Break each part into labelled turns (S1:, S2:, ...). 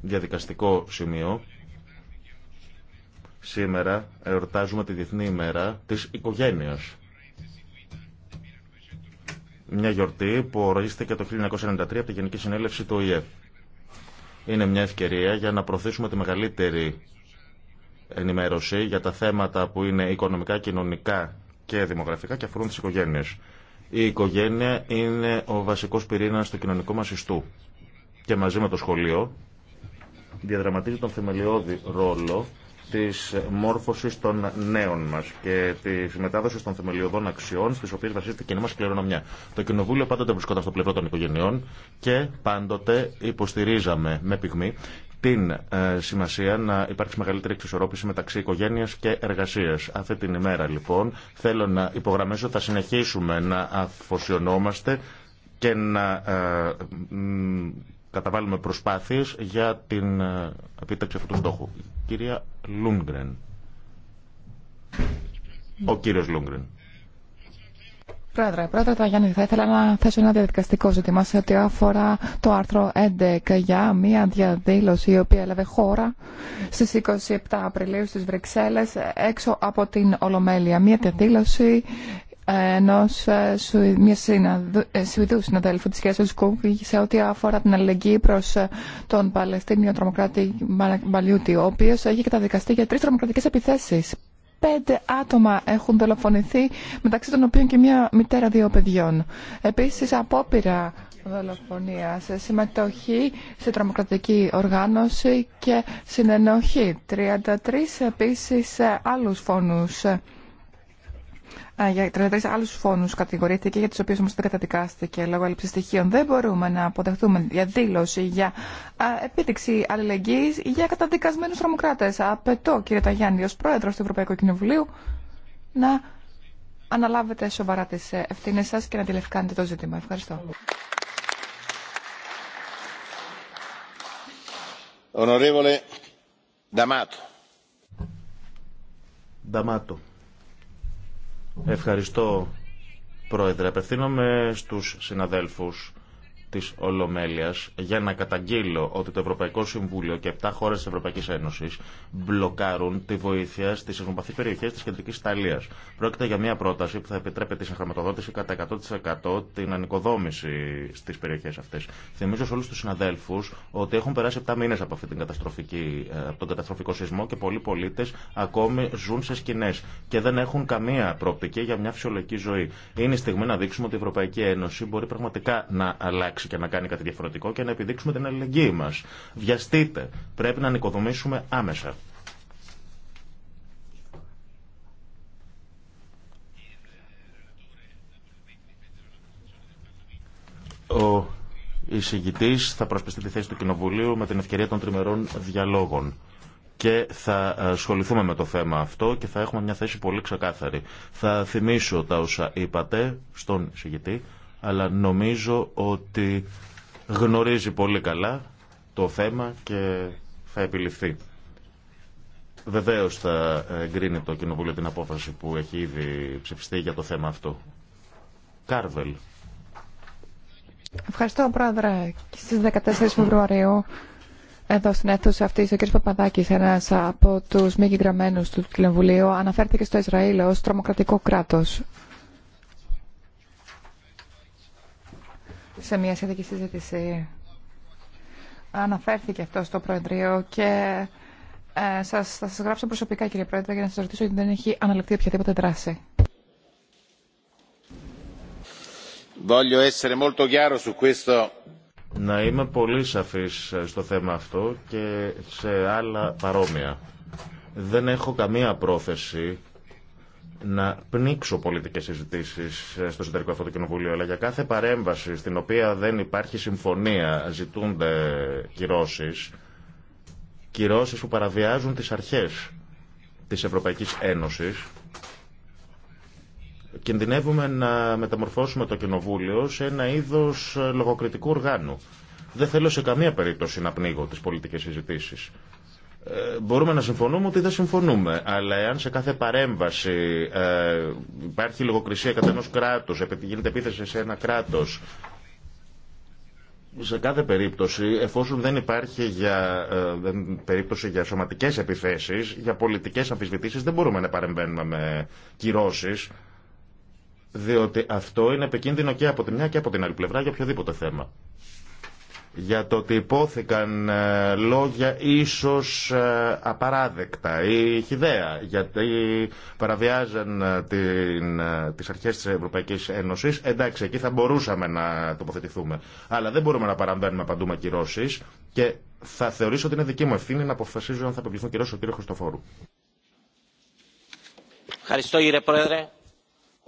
S1: διαδικαστικό σημείο. Σήμερα εορτάζουμε τη Διεθνή ημέρα της οικογένειας. Μια γιορτή που ορίστηκε το 1993 από τη Γενική Συνέλευση του ΟΗΕ. Είναι μια ευκαιρία για να προωθήσουμε τη μεγαλύτερη ενημέρωση για τα θέματα που είναι οικονομικά, κοινωνικά και δημογραφικά και αφορούν τις οικογένειες. Η οικογένεια είναι ο βασικός πυρήνας του κοινωνικού μας ιστού. Και μαζί με το σχολείο διαδραματίζει τον θεμελιώδη ρόλο της μόρφωση των νέων μας και τη μετάδοση των θεμελιωδών αξιών στις οποίες βασίζεται η κοινή μας κληρονομιά. Το Κοινοβούλιο πάντοτε βρισκόταν στο πλευρό των οικογενειών και πάντοτε υποστηρίζαμε με πυγμή την ε, σημασία να υπάρξει μεγαλύτερη εξισορρόπηση μεταξύ οικογένεια και εργασία. Αυτή την ημέρα, λοιπόν, θέλω να υπογραμμίσω θα συνεχίσουμε να αφοσιωνόμαστε και να ε, καταβάλουμε προσπάθειες για την ε, επίταξη αυτού του στόχου. κυρία Λούγκρεν. Ο κύριος Λούγκρεν.
S2: Πρόεδρε, πρόεδρε Ταγιάννη, θα ήθελα να θέσω ένα διαδικαστικό ζήτημα σε ό,τι αφορά το άρθρο 11 για μια διαδήλωση η οποία έλαβε χώρα στις 27 Απριλίου στις Βρυξέλλες έξω από την Ολομέλεια. Μια διαδήλωση ενός ε, ε, Σουηδού συναδέλφου της κυρίας Κουκ σε ό,τι αφορά την αλληλεγγύη προς ε, τον Παλαιστίνιο τρομοκράτη Μπαλιούτη, ο οποίος έχει καταδικαστεί για τρεις τρομοκρατικές επιθέσεις. Πέντε άτομα έχουν δολοφονηθεί, μεταξύ των οποίων και μια μητέρα δύο παιδιών. Επίσης, απόπειρα δολοφονία, σε συμμετοχή σε τρομοκρατική οργάνωση και συνενοχή. 33 επίσης άλλους φόνους για 33 άλλους φόνους κατηγορήθηκε για του οποίου όμως δεν καταδικάστηκε λόγω έλλειψη στοιχείων. Δεν μπορούμε να αποδεχτούμε διαδήλωση για επίδειξη αλληλεγγύης για καταδικασμένους τρομοκράτες. Απαιτώ κύριε Ταγιάννη ως πρόεδρος του Ευρωπαϊκού Κοινοβουλίου να αναλάβετε σοβαρά τις ε, ευθύνες σας και να τηλευκάνετε το ζήτημα. Ευχαριστώ.
S1: Ευχαριστώ, Πρόεδρε. Απευθύνομαι στους συναδέλφους της Ολομέλειας για να καταγγείλω ότι το Ευρωπαϊκό Συμβούλιο και 7 χώρες της Ευρωπαϊκής Ένωσης μπλοκάρουν τη βοήθεια στις ευνοπαθείς περιοχές της Κεντρικής Ιταλίας. Πρόκειται για μια πρόταση που θα επιτρέπεται τη χρηματοδότηση κατά 100% την ανοικοδόμηση στις περιοχές αυτές. Θυμίζω σε όλους τους συναδέλφους ότι έχουν περάσει 7 μήνες από, αυτή την καταστροφική, ε, από τον καταστροφικό σεισμό και πολλοί πολίτες ακόμη ζουν σε σκηνές και δεν έχουν καμία προοπτική για μια φυσιολογική ζωή. Είναι η στιγμή να δείξουμε ότι η Ευρωπαϊκή Ένωση μπορεί πραγματικά να αλλάξει αλλάξει και να κάνει κάτι διαφορετικό και να επιδείξουμε την αλληλεγγύη μας. Βιαστείτε. Πρέπει να νοικοδομήσουμε άμεσα. Ο εισηγητής θα προσπιστεί τη θέση του Κοινοβουλίου με την ευκαιρία των τριμερών διαλόγων και θα ασχοληθούμε με το θέμα αυτό και θα έχουμε μια θέση πολύ ξεκάθαρη. Θα θυμίσω τα όσα είπατε στον εισηγητή αλλά νομίζω ότι γνωρίζει πολύ καλά το θέμα και θα επιληφθεί. Βεβαίω θα εγκρίνει το Κοινοβούλιο την απόφαση που έχει ήδη ψηφιστεί για το θέμα αυτό. Κάρβελ.
S2: Ευχαριστώ, Πρόεδρε. Στι 14 Φεβρουαρίου, εδώ στην αίθουσα αυτή, ο κ. Παπαδάκη, ένα από του μη του Κοινοβουλίου, αναφέρθηκε στο Ισραήλ ω τρομοκρατικό κράτο. σε μια σχετική συζήτηση. Αναφέρθηκε αυτό στο Προεδρείο και ε, σας, θα σας γράψω προσωπικά κύριε Πρόεδρε για να σας ρωτήσω γιατί δεν έχει αναλυφθεί οποιαδήποτε δράση.
S1: Να είμαι πολύ σαφής ε, στο θέμα αυτό και σε άλλα παρόμοια. Δεν έχω καμία πρόθεση να πνίξω πολιτικές συζητήσεις στο συντερικό αυτό το κοινοβούλιο, αλλά για κάθε παρέμβαση στην οποία δεν υπάρχει συμφωνία ζητούνται κυρώσεις, κυρώσεις που παραβιάζουν τις αρχές της Ευρωπαϊκής Ένωσης, κινδυνεύουμε να μεταμορφώσουμε το κοινοβούλιο σε ένα είδος λογοκριτικού οργάνου. Δεν θέλω σε καμία περίπτωση να πνίγω τις πολιτικές συζητήσεις. Ε, μπορούμε να συμφωνούμε ότι δεν συμφωνούμε. Αλλά εάν σε κάθε παρέμβαση ε, υπάρχει λογοκρισία κατά ενό κράτου, γίνεται επίθεση σε ένα κράτο, σε κάθε περίπτωση, εφόσον δεν υπάρχει για, ε, περίπτωση για σωματικές επιθέσεις, για πολιτικές αμφισβητήσεις, δεν μπορούμε να παρεμβαίνουμε με κυρώσεις, διότι αυτό είναι επικίνδυνο και από τη μια και από την άλλη πλευρά για οποιοδήποτε θέμα για το ότι υπόθηκαν ε, λόγια ίσως ε, απαράδεκτα ή χιδέα γιατί παραβιάζαν ε, την, τις αρχές της Ευρωπαϊκής Ένωσης εντάξει εκεί θα μπορούσαμε να τοποθετηθούμε αλλά δεν μπορούμε να παραμβαίνουμε παντού με κυρώσεις και θα θεωρήσω ότι είναι δική μου ευθύνη να αποφασίζω αν θα απειληθούν κυρώσεις ο κύριο Χριστοφόρου
S3: Ευχαριστώ κύριε Πρόεδρε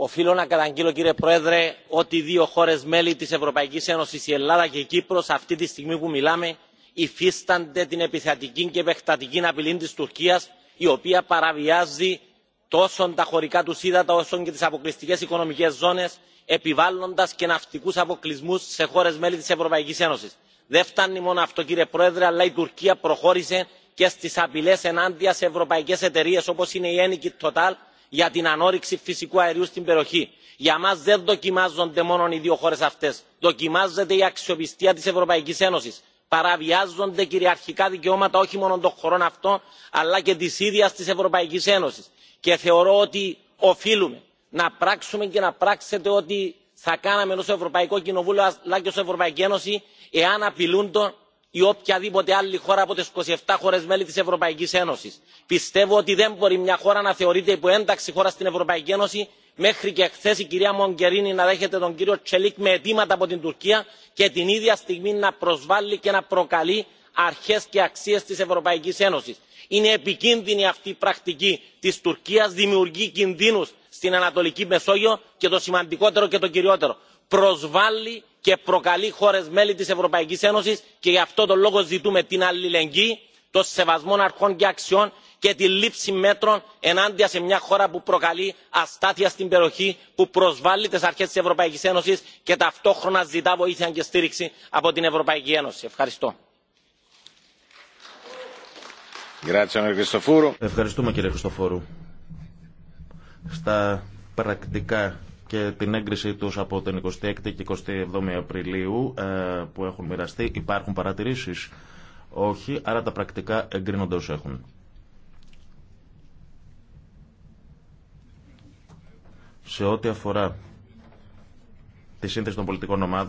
S3: οφείλω να καταγγείλω κύριε πρόεδρε ότι οι δύο χώρε μέλη τη Ευρωπαϊκή Ένωση, η ελλάδα και η κύπρο αυτή τη στιγμή που μιλάμε υφίστανται την επιθετική και επεκτατική απειλή τη Τουρκία, η οποία παραβιάζει τόσο τα χωρικά του ύδατα όσο και τι αποκλειστικέ οικονομικέ ζώνε επιβάλλοντα και ναυτικού αποκλεισμού σε χώρε μέλη τη Ευρωπαϊκή Ένωση. δεν φτάνει μόνο αυτό κύριε πρόεδρε αλλά η τουρκία προχώρησε και στι απειλέ ενάντια σε Ευρωπαϊκέ εταιρείε, όπω είναι η ένικη Total για την ανόρυξη φυσικού αερίου στην περιοχή. για μας δεν δοκιμάζονται μόνο οι δύο χώρες αυτές δοκιμάζεται η αξιοπιστία της ευρωπαϊκής ένωσης παραβιάζονται κυριαρχικά δικαιώματα όχι μόνο των χωρών αυτών αλλά και της ίδιας της ευρωπαϊκής ένωσης και θεωρώ ότι οφείλουμε να πράξουμε και να πράξετε ό,τι θα κάναμε ως ευρωπαϊκό κοινοβούλιο αλλά και ως ευρωπαϊκή ένωση εάν απειλούνται ή οποιαδήποτε άλλη χώρα από τι 27 χώρε μέλη τη Ευρωπαϊκή Ένωση. Πιστεύω ότι δεν μπορεί μια χώρα να θεωρείται υποένταξη χώρα στην Ευρωπαϊκή Ένωση μέχρι και χθε η κυρία Μογκερίνη να δέχεται τον κύριο Τσελίκ με αιτήματα από την Τουρκία και την ίδια στιγμή να προσβάλλει και να προκαλεί αρχέ και αξίε τη Ευρωπαϊκή Ένωση. Είναι επικίνδυνη αυτή η πρακτική τη Τουρκία, δημιουργεί κινδύνου στην Ανατολική Μεσόγειο και το σημαντικότερο και το κυριότερο προσβάλλει και προκαλεί χώρε μέλη τη Ευρωπαϊκή Ένωση και γι' αυτό τον λόγο ζητούμε την αλληλεγγύη, το σεβασμό αρχών και αξιών και τη λήψη μέτρων ενάντια σε μια χώρα που προκαλεί αστάθεια στην περιοχή, που προσβάλλει τι αρχέ τη Ευρωπαϊκή Ένωση και ταυτόχρονα ζητά βοήθεια και στήριξη από την Ευρωπαϊκή Ένωση. Ευχαριστώ.
S1: Ευχαριστούμε κύριε και την έγκρισή τους από την 26η και 27η Απριλίου ε, που έχουν μοιραστεί. Υπάρχουν παρατηρήσεις. Όχι, άρα τα πρακτικά εγκρίνονται όσο έχουν. Σε ό,τι αφορά τη σύνθεση των πολιτικών ομάδων,